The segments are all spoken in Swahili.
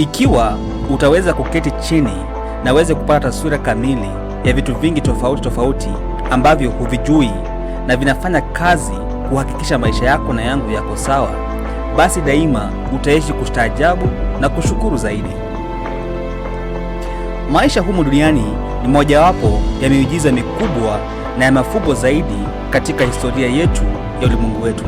Ikiwa utaweza kuketi chini na uweze kupata taswira kamili ya vitu vingi tofauti tofauti ambavyo huvijui na vinafanya kazi kuhakikisha maisha yako na yangu yako sawa, basi daima utaishi kustaajabu na kushukuru zaidi. Maisha humu duniani ni mojawapo ya miujiza mikubwa na ya mafumbo zaidi katika historia yetu ya ulimwengu wetu.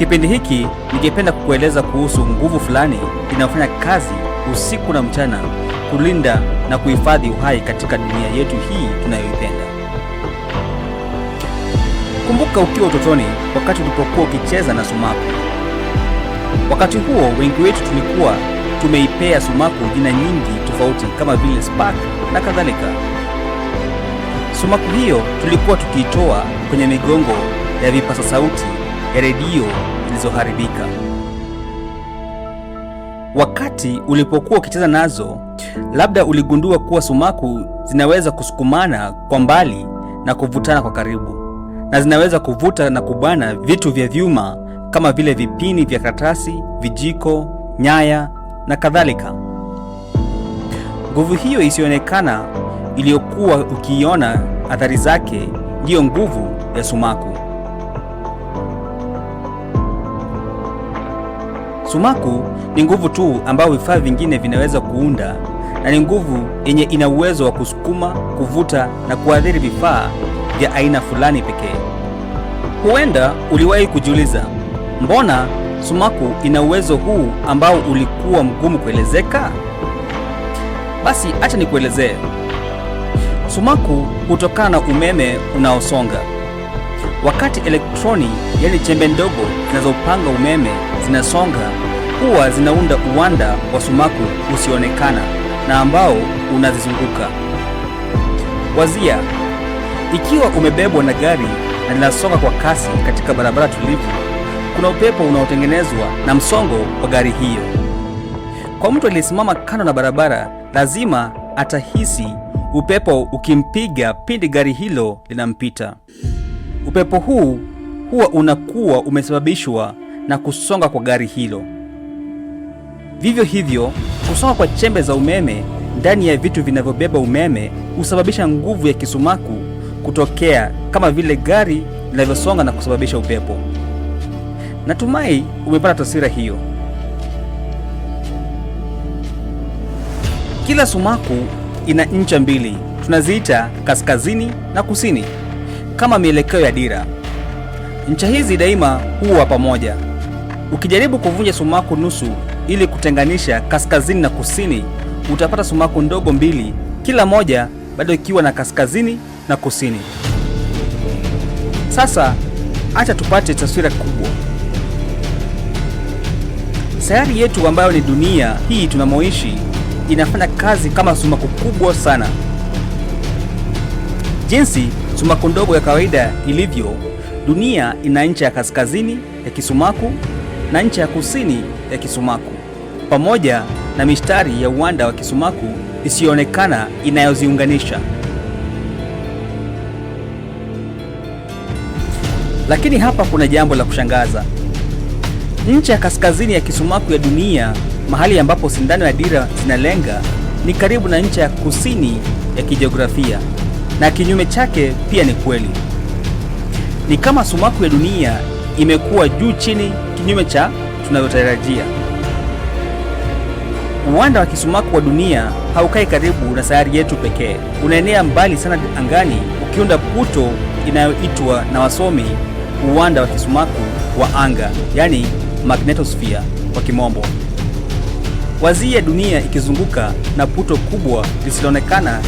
Kipindi hiki ningependa kukueleza kuhusu nguvu fulani inayofanya kazi usiku na mchana kulinda na kuhifadhi uhai katika dunia yetu hii tunayoipenda. Kumbuka ukiwa utotoni, wakati ulipokuwa ukicheza na sumaku. Wakati huo wengi wetu tulikuwa tumeipea sumaku jina nyingi tofauti kama vile spark na kadhalika. Sumaku hiyo tulikuwa tukiitoa kwenye migongo ya vipasa sauti redio zilizoharibika. Wakati ulipokuwa ukicheza nazo, labda uligundua kuwa sumaku zinaweza kusukumana kwa mbali na kuvutana kwa karibu, na zinaweza kuvuta na kubana vitu vya vyuma kama vile vipini vya karatasi, vijiko, nyaya na kadhalika. Nguvu hiyo isiyoonekana iliyokuwa ukiiona athari zake ndiyo nguvu ya sumaku. Sumaku ni nguvu tu ambayo vifaa vingine vinaweza kuunda na ni nguvu yenye ina uwezo wa kusukuma, kuvuta na kuathiri vifaa vya aina fulani pekee. Huenda uliwahi kujiuliza, mbona sumaku ina uwezo huu ambao ulikuwa mgumu kuelezeka? Basi acha nikuelezee. Sumaku hutokana na umeme unaosonga. Wakati elektroni, yani chembe ndogo zinazopanga umeme, zinasonga, huwa zinaunda uwanda wa sumaku usioonekana na ambao unazizunguka. Wazia, ikiwa umebebwa na gari na linasonga kwa kasi katika barabara tulivu, kuna upepo unaotengenezwa na msongo wa gari hiyo. Kwa mtu aliyesimama kando na barabara, lazima atahisi upepo ukimpiga pindi gari hilo linampita. Upepo huu huwa unakuwa umesababishwa na kusonga kwa gari hilo. Vivyo hivyo, kusonga kwa chembe za umeme ndani ya vitu vinavyobeba umeme husababisha nguvu ya kisumaku kutokea kama vile gari linavyosonga na kusababisha upepo. Natumai umepata taswira hiyo. Kila sumaku ina ncha mbili, tunaziita kaskazini na kusini kama mielekeo ya dira. Ncha hizi daima huwa pamoja. Ukijaribu kuvunja sumaku nusu ili kutenganisha kaskazini na kusini, utapata sumaku ndogo mbili, kila moja bado ikiwa na kaskazini na kusini. Sasa acha tupate taswira kubwa. Sayari yetu ambayo ni dunia hii tunamoishi inafanya kazi kama sumaku kubwa sana. Jinsi sumaku ndogo ya kawaida ilivyo, dunia ina ncha ya kaskazini ya kisumaku na ncha ya kusini ya kisumaku pamoja na mistari ya uwanda wa kisumaku isiyoonekana inayoziunganisha. Lakini hapa kuna jambo la kushangaza. Ncha ya kaskazini ya kisumaku ya dunia, mahali ambapo sindano ya dira zinalenga, ni karibu na ncha ya kusini ya kijiografia na kinyume chake pia ni kweli. Ni kama sumaku ya dunia imekuwa juu chini, kinyume cha tunavyotarajia. Uwanda wa kisumaku wa dunia haukai karibu na sayari yetu pekee, unaenea mbali sana angani, ukiunda puto inayoitwa na wasomi uwanda wa kisumaku wa anga, yaani magnetosphere kwa kimombo. Wazia dunia ikizunguka na puto kubwa lisiloonekana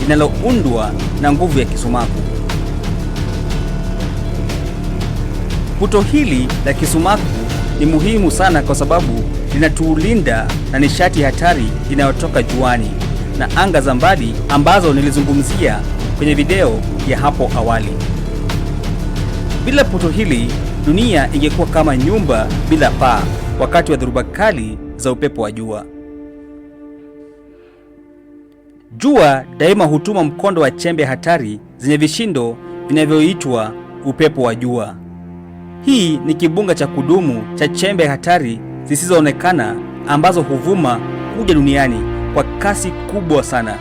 linaloundwa na nguvu ya kisumaku. Puto hili la kisumaku ni muhimu sana kwa sababu linatuulinda na nishati hatari inayotoka juani na anga za mbali ambazo nilizungumzia kwenye video ya hapo awali. Bila puto hili, dunia ingekuwa kama nyumba bila paa wakati wa dhoruba kali za upepo wa jua. Jua daima hutuma mkondo wa chembe hatari zenye vishindo vinavyoitwa upepo wa jua. Hii ni kibunga cha kudumu cha chembe hatari zisizoonekana ambazo huvuma kuja duniani kwa kasi kubwa sana.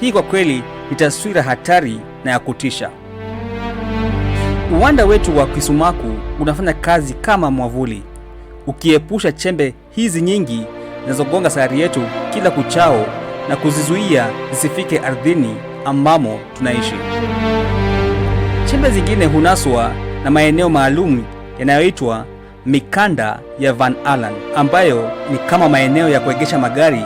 Hii kwa kweli ni taswira hatari na ya kutisha. Uwanda wetu wa kisumaku unafanya kazi kama mwavuli, ukiepusha chembe hizi nyingi zinazogonga sayari yetu kila kuchao na kuzizuia zisifike ardhini ambamo tunaishi. Chembe zingine hunaswa na maeneo maalum yanayoitwa mikanda ya Van Allen, ambayo ni kama maeneo ya kuegesha magari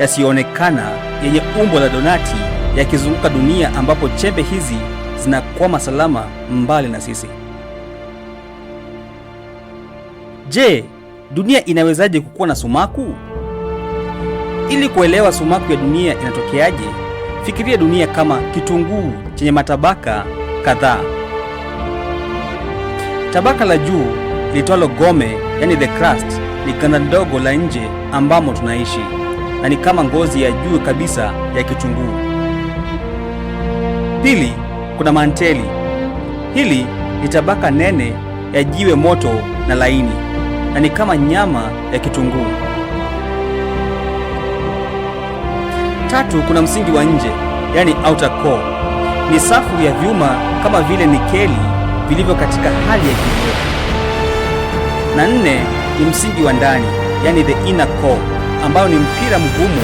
yasiyoonekana yenye umbo la donati yakizunguka dunia, ambapo chembe hizi zinakwama salama mbali na sisi. Je, dunia inawezaje kukuwa na sumaku? Ili kuelewa sumaku ya dunia inatokeaje, fikiria dunia kama kitunguu chenye matabaka kadhaa. Tabaka la juu litwalo gome, yani the crust, ni ganda ndogo la nje ambamo tunaishi na ni kama ngozi ya juu kabisa ya kitunguu. Pili, kuna manteli. Hili ni tabaka nene ya jiwe moto na laini na ni kama nyama ya kitunguu. Tatu, kuna msingi wa nje, yani outer core. Ni safu ya vyuma kama vile nikeli vilivyo katika hali ya kioo. Na nne ni msingi wa ndani, yani the inner core, ambayo ni mpira mgumu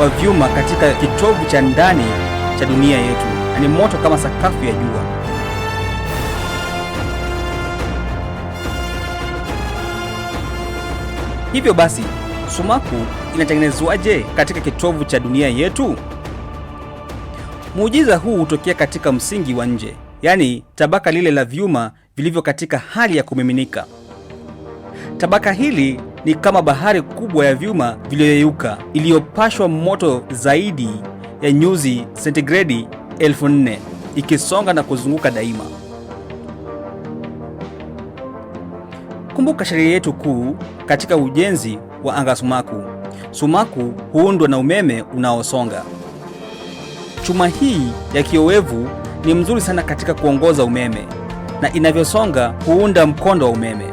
wa vyuma katika kitovu cha ndani cha dunia yetu, na ni moto kama sakafu ya jua. Hivyo basi sumaku inatengenezwaje katika kitovu cha dunia yetu? Muujiza huu hutokea katika msingi wa nje, yaani tabaka lile la vyuma vilivyo katika hali ya kumiminika. Tabaka hili ni kama bahari kubwa ya vyuma vilivyoyeyuka iliyopashwa moto zaidi ya nyuzi sentigredi elfu nne ikisonga na kuzunguka daima. Kumbuka sheria yetu kuu katika ujenzi wa angasumaku. Sumaku huundwa na umeme unaosonga. Chuma hii ya kiowevu ni mzuri sana katika kuongoza umeme na inavyosonga huunda mkondo wa umeme.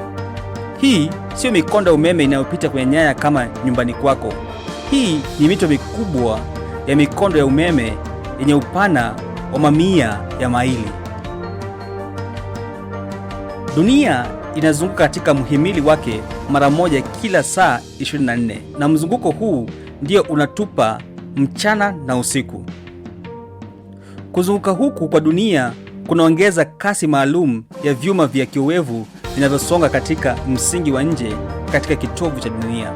Hii siyo mikondo ya umeme inayopita kwenye nyaya kama nyumbani kwako. Hii ni mito mikubwa ya mikondo ya umeme yenye upana wa mamia ya maili. Dunia inazunguka katika mhimili wake mara moja kila saa 24, na mzunguko huu ndio unatupa mchana na usiku. Kuzunguka huku kwa dunia kunaongeza kasi maalum ya vyuma vya kiowevu vinavyosonga katika msingi wa nje katika kitovu cha dunia.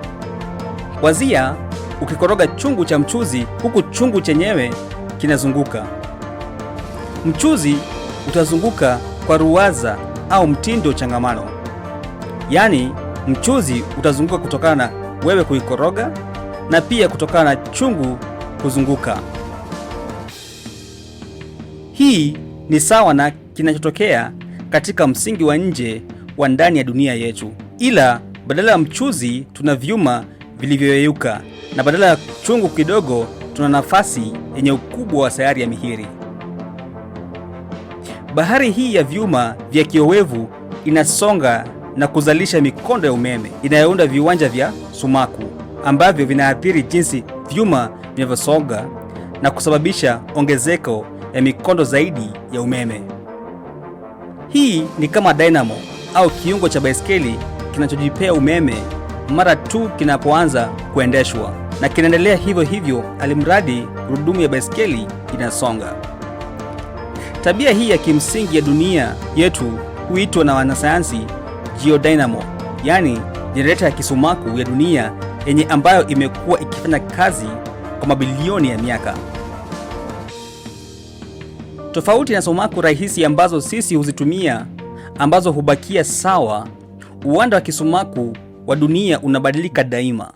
Wazia ukikoroga chungu cha mchuzi huku chungu chenyewe kinazunguka. Mchuzi utazunguka kwa ruwaza au mtindo changamano, yaani Mchuzi utazunguka kutokana na wewe kuikoroga na pia kutokana na chungu kuzunguka. Hii ni sawa na kinachotokea katika msingi wa nje wa ndani ya dunia yetu, ila badala ya mchuzi tuna vyuma vilivyoyeyuka na badala ya chungu kidogo tuna nafasi yenye ukubwa wa sayari ya mihiri. Bahari hii ya vyuma vya kiowevu inasonga na kuzalisha mikondo ya umeme inayounda viwanja vya sumaku ambavyo vinaathiri jinsi vyuma vinavyosonga na kusababisha ongezeko ya mikondo zaidi ya umeme. Hii ni kama dynamo au kiungo cha baiskeli kinachojipea umeme mara tu kinapoanza kuendeshwa na kinaendelea hivyo hivyo alimradi gurudumu ya baiskeli inasonga. Tabia hii ya kimsingi ya dunia yetu huitwa na wanasayansi Dynamo, yani jenereta ya kisumaku ya dunia yenye ambayo imekuwa ikifanya kazi kwa mabilioni ya miaka. Tofauti na sumaku rahisi ambazo sisi huzitumia ambazo hubakia sawa, uwanda wa kisumaku wa dunia unabadilika daima.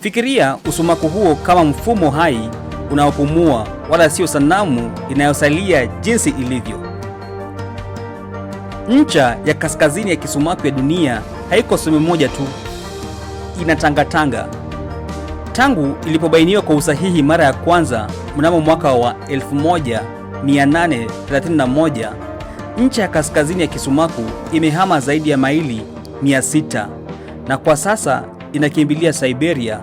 Fikiria usumaku huo kama mfumo hai unaopumua, wala sio sanamu inayosalia jinsi ilivyo. Ncha ya kaskazini ya kisumaku ya dunia haiko sehemu moja tu, inatangatanga. Tangu ilipobainiwa kwa usahihi mara ya kwanza mnamo mwaka wa 1831, ncha ya kaskazini ya kisumaku imehama zaidi ya maili 600 na kwa sasa inakimbilia Siberia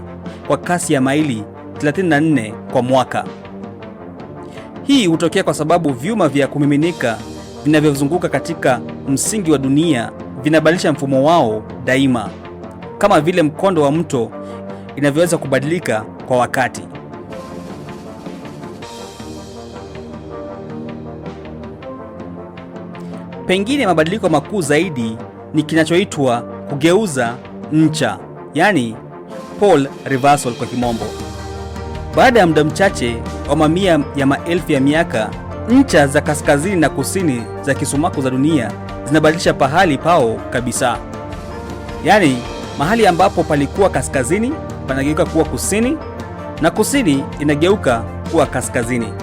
kwa kasi ya maili 34 kwa mwaka. Hii hutokea kwa sababu vyuma vya kumiminika vinavyozunguka katika msingi wa dunia vinabadilisha mfumo wao daima, kama vile mkondo wa mto inavyoweza kubadilika kwa wakati. Pengine mabadiliko makuu zaidi ni kinachoitwa kugeuza ncha, yani pole reversal kwa kimombo. Baada ya muda mchache wa mamia ya maelfu ya miaka Ncha za kaskazini na kusini za kisumaku za dunia zinabadilisha pahali pao kabisa. Yaani, mahali ambapo palikuwa kaskazini panageuka kuwa kusini na kusini inageuka kuwa kaskazini.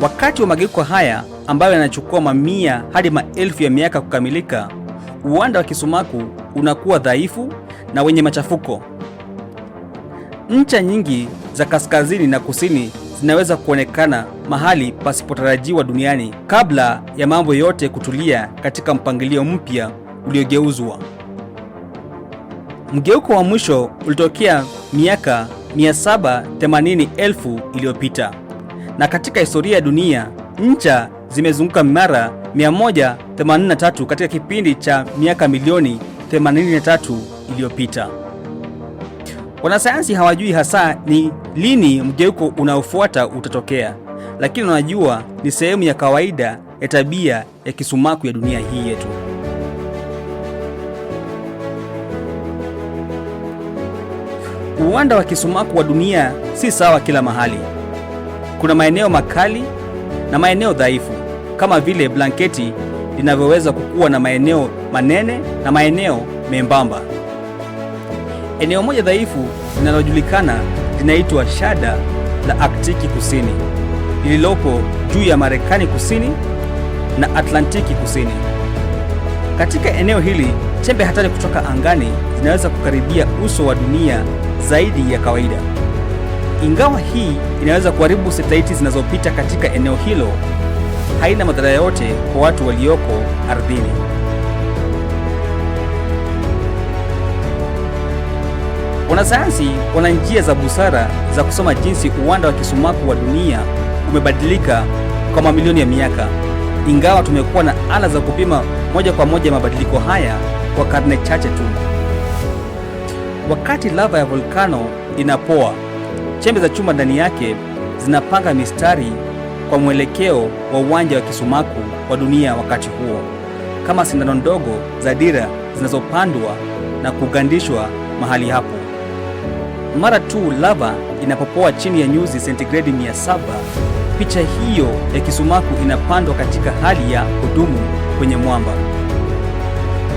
Wakati wa mageuko haya ambayo yanachukua mamia hadi maelfu ya miaka kukamilika, uwanda wa kisumaku unakuwa dhaifu na wenye machafuko. Ncha nyingi za kaskazini na kusini zinaweza kuonekana mahali pasipotarajiwa duniani kabla ya mambo yote kutulia katika mpangilio mpya uliogeuzwa. Mgeuko wa mwisho ulitokea miaka 780,000 iliyopita, na katika historia ya dunia ncha zimezunguka mara 183 katika kipindi cha miaka milioni 83 iliyopita. Wanasayansi hawajui hasa ni lini mgeuko unaofuata utatokea, lakini wanajua ni sehemu ya kawaida ya tabia ya kisumaku ya dunia hii yetu. Uwanda wa kisumaku wa dunia si sawa kila mahali. Kuna maeneo makali na maeneo dhaifu, kama vile blanketi linavyoweza kukuwa na maeneo manene na maeneo membamba. Eneo moja dhaifu linalojulikana linaitwa shada la Aktiki Kusini, lililopo juu ya Marekani Kusini na Atlantiki Kusini. Katika eneo hili, chembe hatari kutoka angani zinaweza kukaribia uso wa dunia zaidi ya kawaida. Ingawa hii inaweza kuharibu satelaiti zinazopita katika eneo hilo, haina madhara yote kwa watu walioko ardhini. Wanasayansi wana njia za busara za kusoma jinsi uwanda wa kisumaku wa dunia umebadilika kwa mamilioni ya miaka, ingawa tumekuwa na ala za kupima moja kwa moja mabadiliko haya kwa karne chache tu. Wakati lava ya volkano inapoa, chembe za chuma ndani yake zinapanga mistari kwa mwelekeo wa uwanja wa kisumaku wa dunia wakati huo, kama sindano ndogo za dira zinazopandwa na kugandishwa mahali hapo. Mara tu lava inapopoa chini ya nyuzi sentigredi 700, picha hiyo ya kisumaku inapandwa katika hali ya kudumu kwenye mwamba.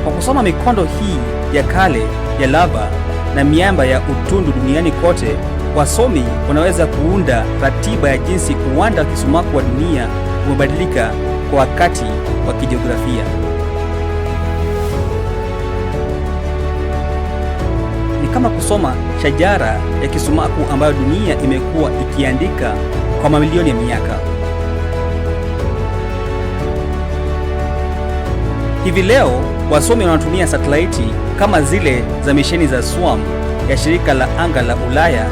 Kwa kusoma mikondo hii ya kale ya lava na miamba ya utundu duniani kote, wasomi wanaweza kuunda ratiba ya jinsi uwanda wa kisumaku wa dunia umebadilika kwa wakati wa kijiografia. ni kama kusoma shajara ya kisumaku ambayo dunia imekuwa ikiandika kwa mamilioni ya miaka. Hivi leo wasomi wanatumia satelaiti kama zile za misheni za SWAM ya shirika la anga la Ulaya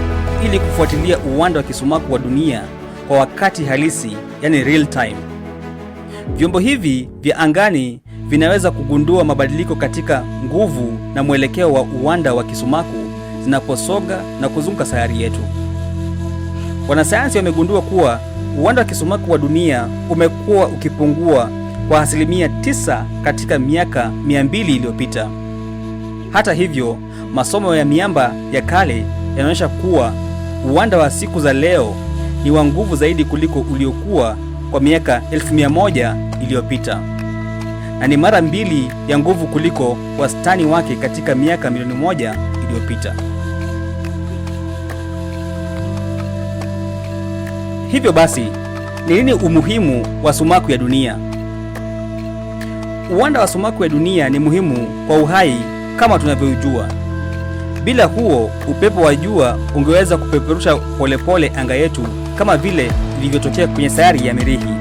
ili kufuatilia uwanda wa kisumaku wa dunia kwa wakati halisi, yani real time. Vyombo hivi vya angani vinaweza kugundua mabadiliko katika nguvu na mwelekeo wa uwanda wa kisumaku zinaposoga na kuzunguka sayari yetu. Wanasayansi wamegundua kuwa uwanda wa kisumaku wa dunia umekuwa ukipungua kwa asilimia tisa katika miaka mia mbili iliyopita. Hata hivyo, masomo ya miamba ya kale yanaonyesha kuwa uwanda wa siku za leo ni wa nguvu zaidi kuliko uliokuwa kwa miaka elfu mia moja iliyopita na ni mara mbili ya nguvu kuliko wastani wake katika miaka milioni moja iliyopita. Hivyo basi, ni nini umuhimu wa sumaku ya dunia? Uwanda wa sumaku ya dunia ni muhimu kwa uhai kama tunavyojua. Bila huo, upepo wa jua ungeweza kupeperusha polepole anga yetu kama vile ilivyotokea kwenye sayari ya Mirihi.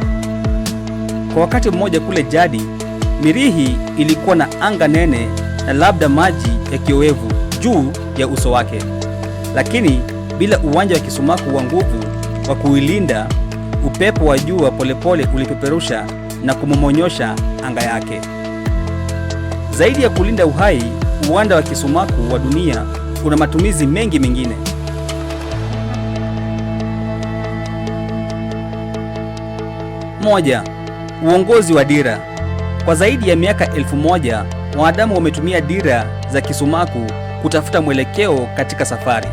Kwa wakati mmoja kule jadi Mirihi ilikuwa na anga nene na labda maji ya kiowevu juu ya uso wake, lakini bila uwanja wa kisumaku wa nguvu wa kuilinda. Upepo wa jua polepole ulipeperusha na kumomonyosha anga yake. Zaidi ya kulinda uhai, uwanda wa kisumaku wa dunia una matumizi mengi mengine. Moja, uongozi wa dira. Kwa zaidi ya miaka elfu moja wanadamu wametumia dira za kisumaku kutafuta mwelekeo katika safari.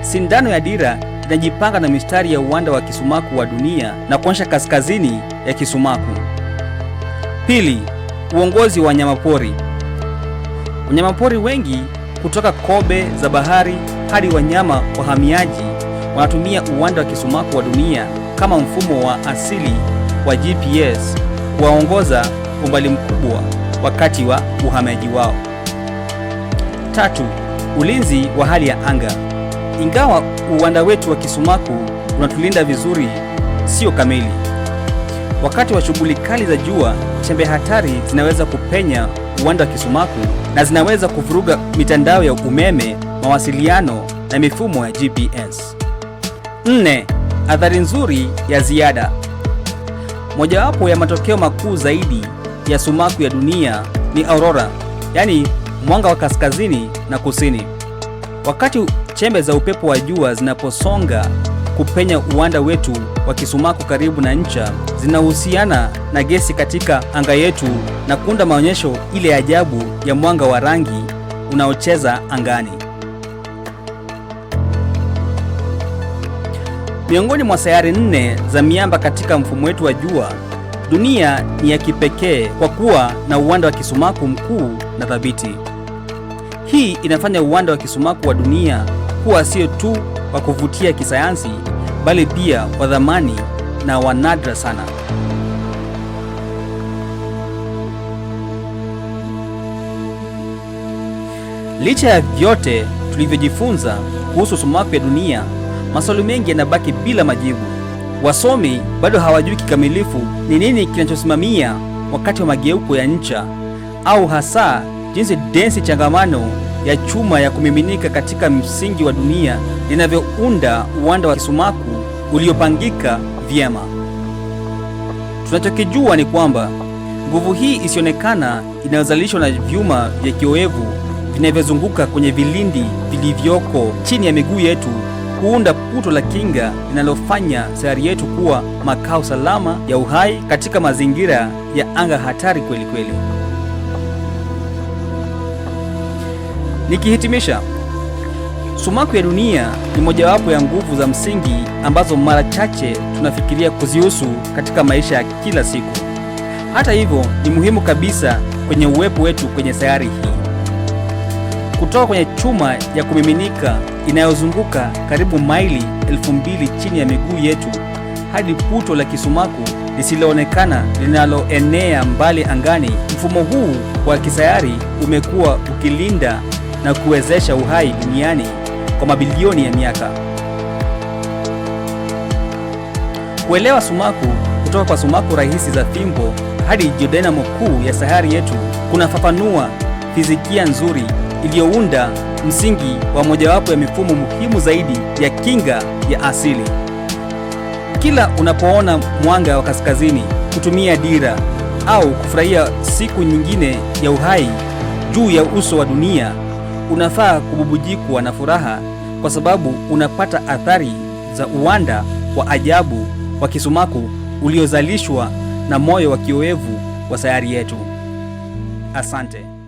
Sindano ya dira inajipanga na mistari ya uwanda wa kisumaku wa dunia na kuonyesha kaskazini ya kisumaku. Pili, uongozi wa wanyamapori. Wanyamapori wengi kutoka kobe za bahari hadi wanyama wahamiaji wanatumia uwanda wa kisumaku wa dunia kama mfumo wa asili wa GPS kuwaongoza umbali mkubwa wakati wa uhamaji wao. Tatu, ulinzi wa hali ya anga. Ingawa uwanda wetu wa Kisumaku unatulinda vizuri, sio kamili. Wakati wa shughuli kali za jua, chembe hatari zinaweza kupenya uwanda wa Kisumaku na zinaweza kuvuruga mitandao ya umeme, mawasiliano na mifumo ya GPS. Nne, athari nzuri ya ziada. Mojawapo ya matokeo makuu zaidi ya sumaku ya dunia ni aurora, yaani mwanga wa kaskazini na kusini. Wakati chembe za upepo wa jua zinaposonga kupenya uwanda wetu wa kisumaku karibu na ncha, zinahusiana na gesi katika anga yetu na kuunda maonyesho ile ajabu ya mwanga wa rangi unaocheza angani. Miongoni mwa sayari nne za miamba katika mfumo wetu wa jua Dunia ni ya kipekee kwa kuwa na uwanda wa kisumaku mkuu na thabiti. Hii inafanya uwanda wa kisumaku wa dunia kuwa sio tu wa kuvutia kisayansi, bali pia wa dhamani na wa nadra sana. Licha ya vyote tulivyojifunza kuhusu sumaku ya dunia, maswali mengi yanabaki bila majibu. Wasomi bado hawajui kikamilifu ni nini kinachosimamia wakati wa mageuko ya ncha, au hasa jinsi densi changamano ya chuma ya kumiminika katika msingi wa dunia inavyounda uwanda wa sumaku uliopangika vyema. Tunachokijua ni kwamba nguvu hii isionekana inayozalishwa na vyuma vya kioevu vinavyozunguka kwenye vilindi vilivyoko chini ya miguu yetu kuunda puto la kinga linalofanya sayari yetu kuwa makao salama ya uhai katika mazingira ya anga hatari kweli kweli. Nikihitimisha, sumaku ya dunia ni mojawapo ya nguvu za msingi ambazo mara chache tunafikiria kuzihusu katika maisha ya kila siku. Hata hivyo, ni muhimu kabisa kwenye uwepo wetu kwenye sayari hii kutoka kwenye chuma ya kumiminika inayozunguka karibu maili elfu mbili chini ya miguu yetu hadi puto la kisumaku lisiloonekana linaloenea mbali angani. Mfumo huu wa kisayari umekuwa ukilinda na kuwezesha uhai duniani kwa mabilioni ya miaka. Kuelewa sumaku kutoka kwa sumaku rahisi za fimbo hadi jiodinamo kuu ya sayari yetu kunafafanua fizikia nzuri iliyounda msingi wa mojawapo ya mifumo muhimu zaidi ya kinga ya asili. Kila unapoona mwanga wa kaskazini, kutumia dira au kufurahia siku nyingine ya uhai juu ya uso wa dunia, unafaa kububujikwa na furaha, kwa sababu unapata athari za uwanda wa ajabu wa kisumaku uliozalishwa na moyo wa kiowevu wa sayari yetu. Asante.